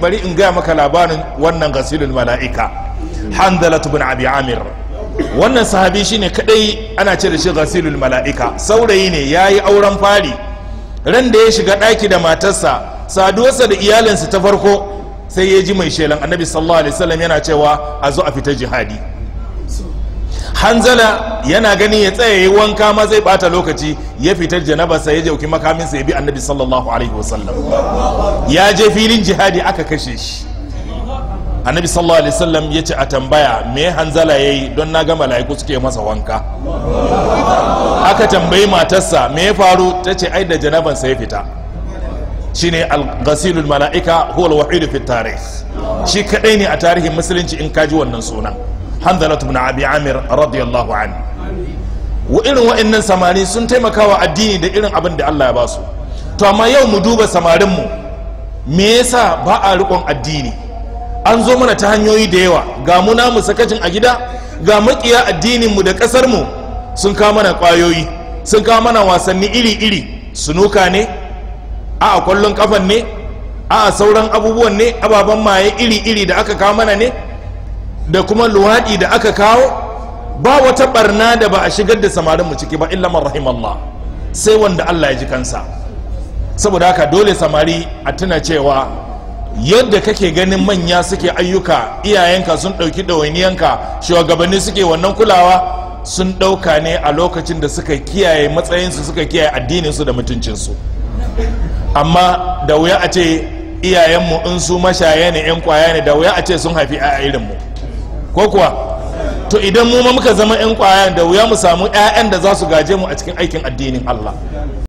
bari in gaya maka labarin wannan gasilul mala'ika handalatu bin abi amir wannan sahabi shine kadai ana ce da shi gasilul mala'ika saurayi ne ya yi auren fari ran da ya shiga daki da matarsa saduwarsa da iyalinsa ta farko sai ya ji mai shelan annabi sallallahu alaihi wasallam yana cewa a zo a fita jihadi hanzala yana gani ya tsaya ya wanka ma zai bata lokaci ya fitar janabarsa ya jauki makaminsa ya bi annabi sallallahu alaihi wasallam ya je filin jihadi aka kashe shi annabi sallallahu alaihi wasallam ya ce a tambaya me hanzala ya yi don na ga mala'iku suke masa wanka aka tambayi matarsa me ya faru ta ce ai da janabansa ya fita shine al-ghasilul mala'ika huwa al-wahid tarikh shi kadai ne a tarihin musulunci in kaji wannan sunan hanzalatu bin abi amir radiyallahu an wa irin wa'annan samari sun taimakawa addini da irin abin da Allah ya ba su to amma yau mu duba samarin mu me yasa ba a rikon addini an zo mana ta hanyoyi da yawa ga mu namu sakacin a gida ga makiya addinin mu da kasar mu sun kawo mana kwayoyi sun kawo mana wasanni iri iri sunuka ne a kwallon kafan ne a sauran abubuwan ne ababen maye iri iri da aka kawo mana ne da kuma luwaɗi da aka kawo ba wata barna da ba a shigar da samarin mu ciki ba illa man rahimallah sai wanda Allah ya ji kansa saboda haka dole samari a tuna cewa yadda kake ganin manya suke ayyuka iyayenka sun ɗauki ɗawainiyanka shugabanni suke wannan kulawa sun ɗauka ne a lokacin da suka kiyaye matsayinsu suka kiyaye addininsu da mutuncinsu amma da wuya a ce iyayenmu in su mashaya ne 'yan kwaya ne da wuya a ce sun haifi a irinmu ko kuwa to idan mu ma muka zama 'yan kwayan da wuya mu samu 'ya'yan da za su gaje mu a cikin aikin addinin Allah